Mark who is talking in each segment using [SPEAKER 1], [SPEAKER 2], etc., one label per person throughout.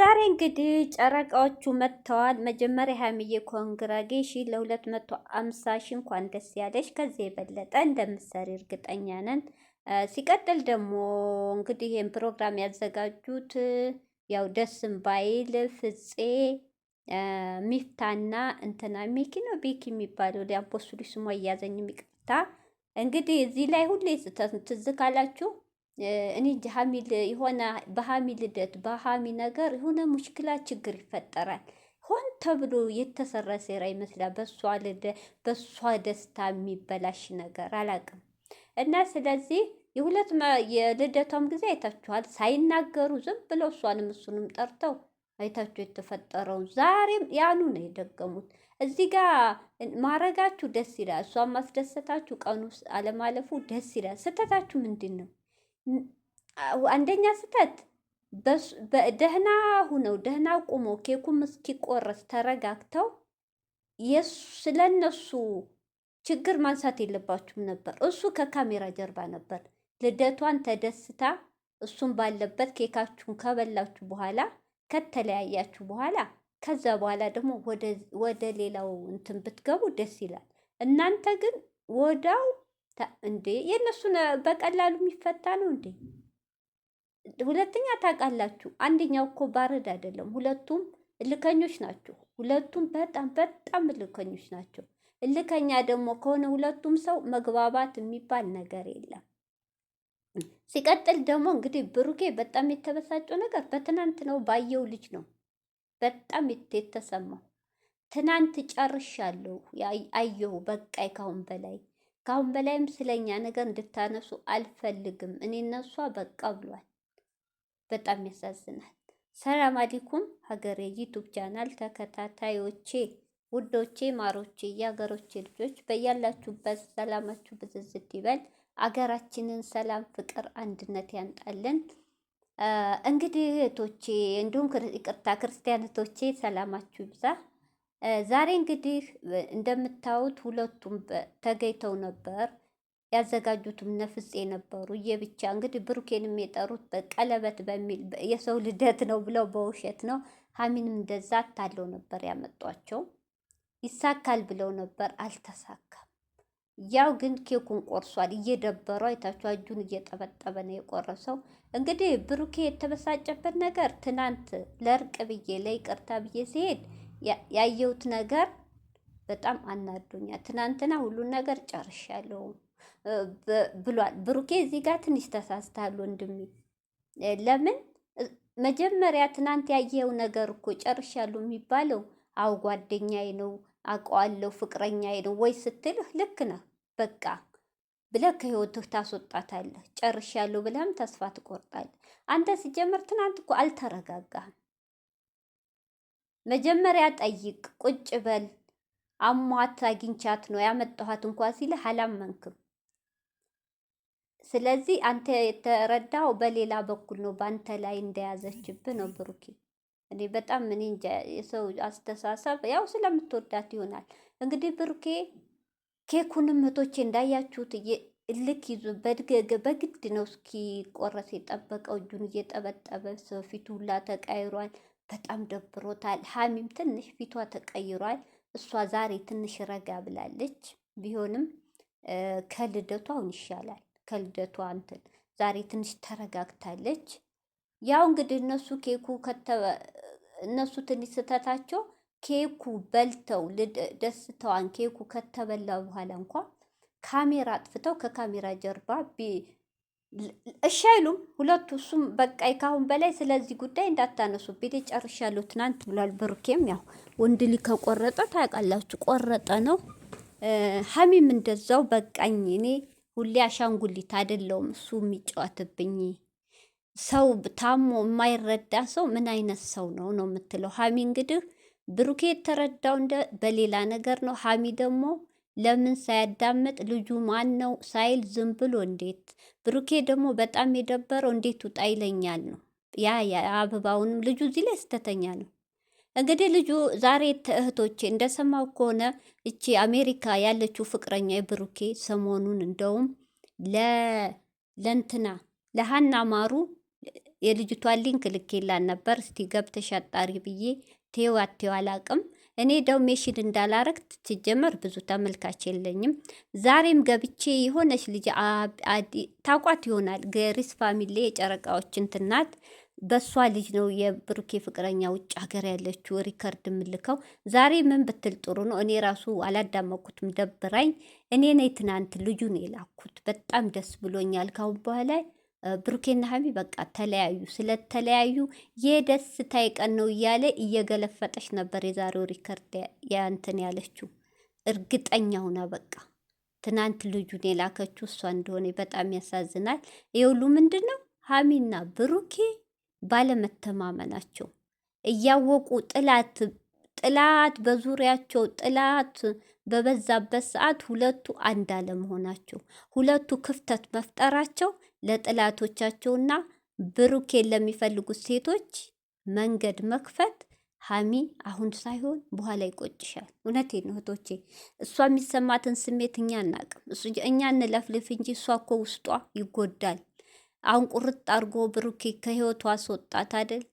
[SPEAKER 1] ዛሬ እንግዲህ ጨረቃዎቹ መጥተዋል። መጀመሪያ ሀይሚዬ ኮንግራጌሽን ለሁለት መቶ አምሳ ሺ እንኳን ደስ ያለሽ። ከዚህ የበለጠ እንደምትሰሪ እርግጠኛ ነን። ሲቀጥል ደግሞ እንግዲህ ይህን ፕሮግራም ያዘጋጁት ያው ደስም ባይል ፍፄ ሚፍታና እንትና ሚኪ ነው ቤኪ የሚባለው ሊያቦስዱ ስሟ እያዘኝ የሚቅርታ እንግዲህ እዚህ ላይ ሁሌ ትዝ ካላችሁ እኔ እንጃ ሀሚል የሆነ በሀሚል ልደት በሀሚ ነገር የሆነ ሙሽክላ ችግር ይፈጠራል። ሆን ተብሎ የተሰራ ሴራ ይመስላል። በሷ ልደ በሷ ደስታ የሚበላሽ ነገር አላቅም እና ስለዚህ የሁለት የልደቷም ጊዜ አይታችኋል። ሳይናገሩ ዝም ብለው እሷንም እሱንም ጠርተው አይታችሁ የተፈጠረውን ዛሬም ያኑ ነው የደገሙት። እዚህ ጋር ማረጋችሁ ደስ ይላል። እሷን ማስደሰታችሁ ቀኑ አለማለፉ ደስ ይላል። ስህተታችሁ ምንድን ነው? አንደኛ ስህተት ደህና ሁነው ደህና ቁመው ኬኩም እስኪቆረስ ተረጋግተው ስለነሱ ችግር ማንሳት የለባችሁም ነበር። እሱ ከካሜራ ጀርባ ነበር። ልደቷን ተደስታ እሱም ባለበት ኬካችሁን ከበላችሁ በኋላ ከተለያያችሁ በኋላ ከዛ በኋላ ደግሞ ወደ ሌላው እንትን ብትገቡ ደስ ይላል። እናንተ ግን ወዳው እንዴ የእነሱ በቀላሉ የሚፈታ ነው እንዴ? ሁለተኛ ታውቃላችሁ፣ አንደኛው እኮ ባረድ አይደለም። ሁለቱም እልከኞች ናቸው። ሁለቱም በጣም በጣም እልከኞች ናቸው። እልከኛ ደግሞ ከሆነ ሁለቱም ሰው መግባባት የሚባል ነገር የለም። ሲቀጥል ደግሞ እንግዲህ ብሩኬ በጣም የተበሳጨው ነገር በትናንት ነው ባየው ልጅ ነው በጣም የተሰማው ትናንት ጨርሻለሁ አየሁ፣ በቃይ ካሁን በላይ ከአሁን በላይም ስለኛ ነገር እንድታነሱ አልፈልግም። እኔ እነሷ በቃ ብሏል። በጣም ያሳዝናል። ሰላም አሊኩም ሀገሬ ዩቱብ ቻናል ተከታታዮቼ፣ ውዶቼ፣ ማሮቼ፣ የሀገሮቼ ልጆች በያላችሁበት ሰላማችሁ ብዝዝት ይበል። አገራችንን ሰላም፣ ፍቅር፣ አንድነት ያንጣልን። እንግዲህ እህቶቼ እንዲሁም ይቅርታ ክርስቲያን እህቶቼ ሰላማችሁ ይብዛ። ዛሬ እንግዲህ እንደምታዩት ሁለቱም ተገኝተው ነበር። ያዘጋጁትም ነፍሴ ነበሩ። የብቻ እንግዲህ ብሩኬንም የጠሩት በቀለበት በሚል የሰው ልደት ነው ብለው በውሸት ነው። ሀሚንም እንደዛ ታለው ነበር ያመጧቸው። ይሳካል ብለው ነበር፣ አልተሳካም። ያው ግን ኬኩን ቆርሷል። እየደበሩ አይታችሁ እጁን እየጠበጠበ ነው የቆረሰው። እንግዲህ ብሩኬ የተበሳጨበት ነገር ትናንት ለእርቅ ብዬ ለይቅርታ ብዬ ሲሄድ ያየሁት ነገር በጣም አናዶኛል። ትናንትና ሁሉን ነገር ጨርሻለሁ ብሏል ብሩኬ። እዚህ ጋር ትንሽ ተሳስተሃል ወንድሜ። ለምን መጀመሪያ ትናንት ያየው ነገር እኮ ጨርሻለሁ የሚባለው አው ጓደኛዬ ነው አውቀዋለሁ ፍቅረኛዬ ነው ወይ ስትልህ ልክ ነህ በቃ ብለህ ከህይወትህ ታስወጣታለህ። ጨርሻለሁ ብለህም ተስፋ ትቆርጣለህ። አንተ ሲጀምር ትናንት እኮ አልተረጋጋህም። መጀመሪያ ጠይቅ፣ ቁጭ በል። አሟት አግኝቻት ነው ያመጣኋት እንኳ ሲልህ አላመንክም። ስለዚህ አንተ የተረዳው በሌላ በኩል ነው፣ በአንተ ላይ እንደያዘችብህ ነው ብሩኬ። እኔ በጣም ምን እንጃ የሰው አስተሳሰብ ያው ስለምትወዳት ይሆናል። እንግዲህ ብሩኬ ኬኩንም እህቶቼ እንዳያችሁት እልክ ይዞ በድገገ በግድ ነው እስኪ ቆረስ የጠበቀው እጁን እየጠበጠበ ሰው ፊቱ ሁላ ተቃይሯል። በጣም ደብሮታል። ሀሚም ትንሽ ፊቷ ተቀይሯል። እሷ ዛሬ ትንሽ ረጋ ብላለች። ቢሆንም ከልደቷ አሁን ይሻላል። ከልደቷ እንትን ዛሬ ትንሽ ተረጋግታለች። ያው እንግዲህ እነሱ ኬኩ እነሱ ትንሽ ስህተታቸው ኬኩ በልተው ደስተዋን ኬኩ ከተበላ በኋላ እንኳ ካሜራ አጥፍተው ከካሜራ ጀርባ እሺ አይሉም ሁለቱ። እሱም በቃይ ካሁን በላይ ስለዚህ ጉዳይ እንዳታነሱ ቤቴ ጨርሻለሁ ትናንት ብሏል። ብሩኬም ያው ወንድ ልጅ ከቆረጠ ታውቃላችሁ፣ ቆረጠ ነው። ሀሚም እንደዛው በቃኝ፣ እኔ ሁሌ አሻንጉሊት አይደለውም እሱ የሚጫወትብኝ ሰው ታሞ የማይረዳ ሰው ምን አይነት ሰው ነው ነው የምትለው ሀሚ። እንግዲህ ብሩኬ የተረዳው እንደ በሌላ ነገር ነው። ሀሚ ደግሞ ለምን ሳያዳምጥ ልጁ ማን ነው ሳይል ዝም ብሎ እንዴት። ብሩኬ ደግሞ በጣም የደበረው እንዴት ውጣ ይለኛል ነው። ያ አበባውንም ልጁ እዚህ ላይ ስተተኛ ነው። እንግዲህ ልጁ ዛሬ እህቶቼ እንደሰማው ከሆነ እቺ አሜሪካ ያለችው ፍቅረኛ የብሩኬ ሰሞኑን እንደውም ለእንትና ለሀና ማሩ የልጅቷ ሊንክ ልኬላን ነበር። እስቲ ገብተሽ አጣሪ ብዬ ቴዋ ቴዋ አላቅም እኔ ደው ሜሽን እንዳላረግ ትጀመር ብዙ ተመልካች የለኝም። ዛሬም ገብቼ የሆነች ልጅ ታቋት ይሆናል ገሪስ ፋሚሌ የጨረቃዎችን ትናት በእሷ ልጅ ነው የብሩኬ ፍቅረኛ ውጭ ሀገር ያለችው ሪከርድ የምልከው ዛሬ ምን ብትል ጥሩ ነው። እኔ ራሱ አላዳመኩትም ደብራኝ። እኔ ነኝ ትናንት ልጁን የላኩት። በጣም ደስ ብሎኛል። ካሁን በኋላ ብሩኬና ሀሚ በቃ ተለያዩ። ስለተለያዩ የደስታ ቀን ነው እያለ እየገለፈጠች ነበር። የዛሬው ሪከርድ ያንትን ያለችው እርግጠኛ ሁና በቃ ትናንት ልጁን የላከችው እሷ እንደሆነ በጣም ያሳዝናል። የሁሉ ምንድን ነው? ሀሚና ብሩኬ ባለመተማመናቸው እያወቁ ጥላት ጥላት በዙሪያቸው ጥላት በበዛበት ሰዓት ሁለቱ አንድ አለመሆናቸው፣ ሁለቱ ክፍተት መፍጠራቸው ለጥላቶቻቸውና ብሩኬን ለሚፈልጉት ሴቶች መንገድ መክፈት ሀሚ አሁን ሳይሆን በኋላ ይቆጭሻል። እውነቴን ነው እህቶቼ፣ እሷ የሚሰማትን ስሜት እኛ እናቅም። እኛ እንለፍልፍ እንጂ እሷ እኮ ውስጧ ይጎዳል። አሁን ቁርጥ አርጎ ብሩኬ ከህይወቱ አስወጣት አይደል?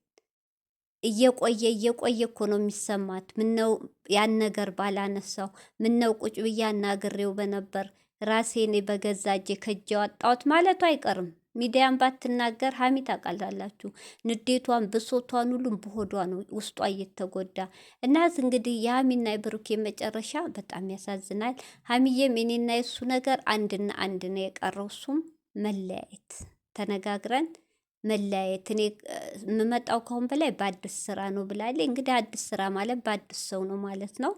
[SPEAKER 1] እየቆየ እየቆየ እኮ ነው የሚሰማት። ምነው ያን ነገር ባላነሳው፣ ምነው ቁጭ ብዬ አናግሬው በነበር ራሴን በገዛ እጄ ከእጄ አወጣሁት ማለቱ አይቀርም። ሚዲያን ባትናገር ሀሚ ታውቃላላችሁ። ንዴቷን ብሶቷን ሁሉም በሆዷ ነው ውስጧ እየተጎዳ እና እንግዲህ የሀሚና የብሩኬ መጨረሻ በጣም ያሳዝናል። ሀሚዬም እኔና የሱ ነገር አንድና አንድ ነው የቀረው እሱም መለያየት፣ ተነጋግረን መለያየት። እኔ የምመጣው ከሁን በላይ በአዲስ ስራ ነው ብላለች። እንግዲህ አዲስ ስራ ማለት በአዲስ ሰው ነው ማለት ነው።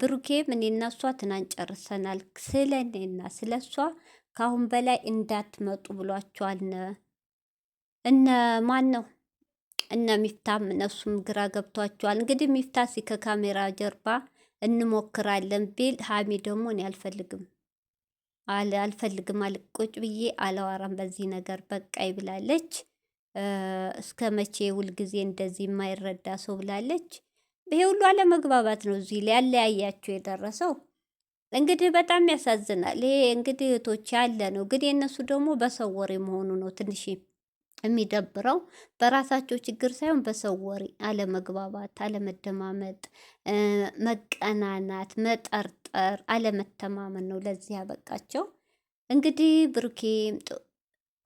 [SPEAKER 1] ብሩኬም እኔና እሷ ትናንት ጨርሰናል፣ ስለ እኔና ስለ እሷ ከአሁን በላይ እንዳትመጡ ብሏቸዋል። እነ ማን ነው እነ ሚፍታም እነሱም ግራ ገብቷቸዋል። እንግዲህ ሚፍታ ሲ ከካሜራ ጀርባ እንሞክራለን ቢል ሀሚ ደግሞ እኔ አልፈልግም አልፈልግም አልቆጭ ብዬ አላዋራም በዚህ ነገር በቃይ ብላለች። እስከ መቼ ሁልጊዜ እንደዚህ የማይረዳ ሰው ብላለች። ይሄ አለመግባባት ነው እዚህ ሊያለያያቸው የደረሰው። እንግዲህ በጣም ያሳዝናል። ይሄ እንግዲህ እህቶች ያለ ነው፣ ግን የእነሱ ደግሞ በሰው ወሬ መሆኑ ነው ትንሽ የሚደብረው። በራሳቸው ችግር ሳይሆን በሰው ወሬ አለመግባባት፣ አለመደማመጥ፣ መቀናናት፣ መጠርጠር፣ አለመተማመን ነው ለዚህ ያበቃቸው። እንግዲህ ብሩኬም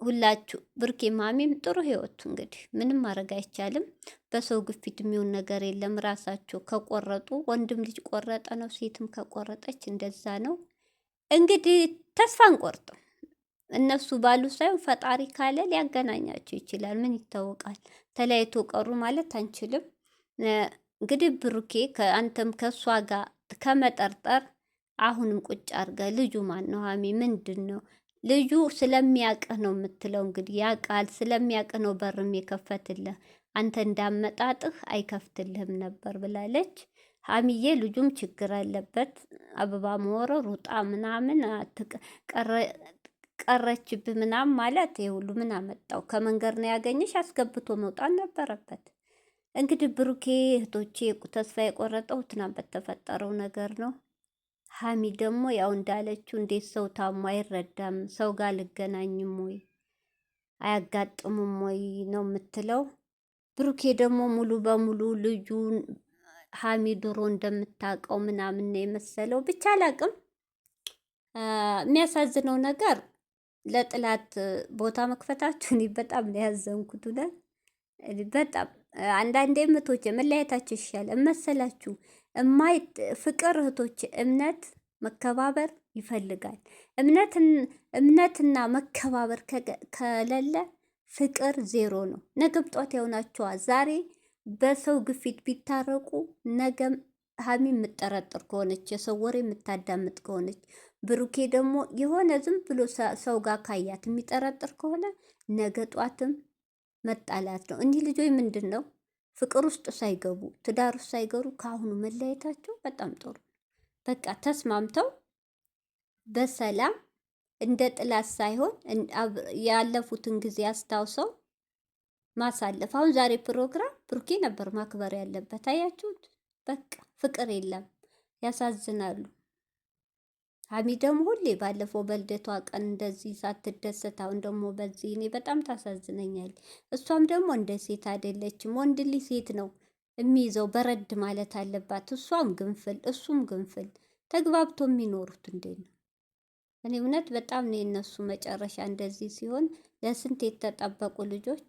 [SPEAKER 1] ሁላችሁ ብርኬ ማሚም ጥሩ ህይወቱ። እንግዲህ ምንም ማድረግ አይቻልም። በሰው ግፊት የሚሆን ነገር የለም። ራሳቸው ከቆረጡ ወንድም ልጅ ቆረጠ ነው፣ ሴትም ከቆረጠች እንደዛ ነው። እንግዲህ ተስፋ አንቆርጥም። እነሱ ባሉ ሳይሆን ፈጣሪ ካለ ሊያገናኛቸው ይችላል። ምን ይታወቃል? ተለያይቶ ቀሩ ማለት አንችልም። እንግዲህ ብሩኬ ከአንተም ከእሷ ጋር ከመጠርጠር አሁንም ቁጭ አድርገህ ልጁ ማን ነው ሀሚ ምንድን ነው ልጁ ስለሚያቅህ ነው የምትለው። እንግዲህ ያ ቃል ስለሚያቅህ ነው በርም የከፈትልህ፣ አንተ እንዳመጣጥህ አይከፍትልህም ነበር ብላለች ሀሚዬ። ልጁም ችግር አለበት። አበባ መወረ ሩጣ ምናምን ቀረችብህ ምናምን ማለት ይሄ ሁሉ ምን አመጣው? ከመንገድ ነው ያገኘሽ፣ አስገብቶ መውጣት ነበረበት። እንግዲህ ብሩኬ እህቶቼ፣ ተስፋ የቆረጠው ትናንት በተፈጠረው ነገር ነው። ሀሚ ደግሞ ያው እንዳለችው እንዴት ሰው ታሞ አይረዳም፣ ሰው ጋር አልገናኝም ወይ አያጋጥምም ወይ ነው የምትለው። ብሩኬ ደግሞ ሙሉ በሙሉ ልጁ ሀሚ ድሮ እንደምታውቀው ምናምን የመሰለው። ብቻ አላቅም። የሚያሳዝነው ነገር ለጥላት ቦታ መክፈታችሁ እኔ በጣም ነው ያዘንኩት። በጣም አንዳንዴ እህቶች መለያየታችሁ ይሻል እመሰላችሁ። እማይ ፍቅር እህቶች እምነት መከባበር ይፈልጋል። እምነትና መከባበር ከሌለ ፍቅር ዜሮ ነው። ነገ ብጧት የሆናቸዋ ዛሬ በሰው ግፊት ቢታረቁ ነገም ሀሚ የምጠረጥር ከሆነች የሰው ወሬ የምታዳምጥ ከሆነች ብሩኬ ደግሞ የሆነ ዝም ብሎ ሰው ጋር ካያት የሚጠረጥር ከሆነ ነገ ጧትም መጣላት ነው። እኒህ ልጆች ምንድን ነው ፍቅር ውስጥ ሳይገቡ ትዳር ውስጥ ሳይገሩ ከአሁኑ መለያየታቸው በጣም ጥሩ ነው። በቃ ተስማምተው በሰላም እንደ ጥላት ሳይሆን ያለፉትን ጊዜ አስታውሰው ማሳለፍ። አሁን ዛሬ ፕሮግራም ብሩኬ ነበር ማክበር ያለበት። አያችሁት? በቃ ፍቅር የለም። ያሳዝናሉ። ሳሚ ደግሞ ሁሌ ባለፈው በልደቷ ቀን እንደዚህ ሳትደሰት አሁን ደግሞ በዚህ እኔ በጣም ታሳዝነኛል። እሷም ደግሞ እንደ ሴት አይደለችም። ወንድ ልጅ ሴት ነው የሚይዘው፣ በረድ ማለት አለባት። እሷም ግንፍል፣ እሱም ግንፍል። ተግባብቶ የሚኖሩት እንዴ ነው? እኔ እውነት በጣም ነው የነሱ መጨረሻ እንደዚህ ሲሆን፣ ለስንት የተጠበቁ ልጆች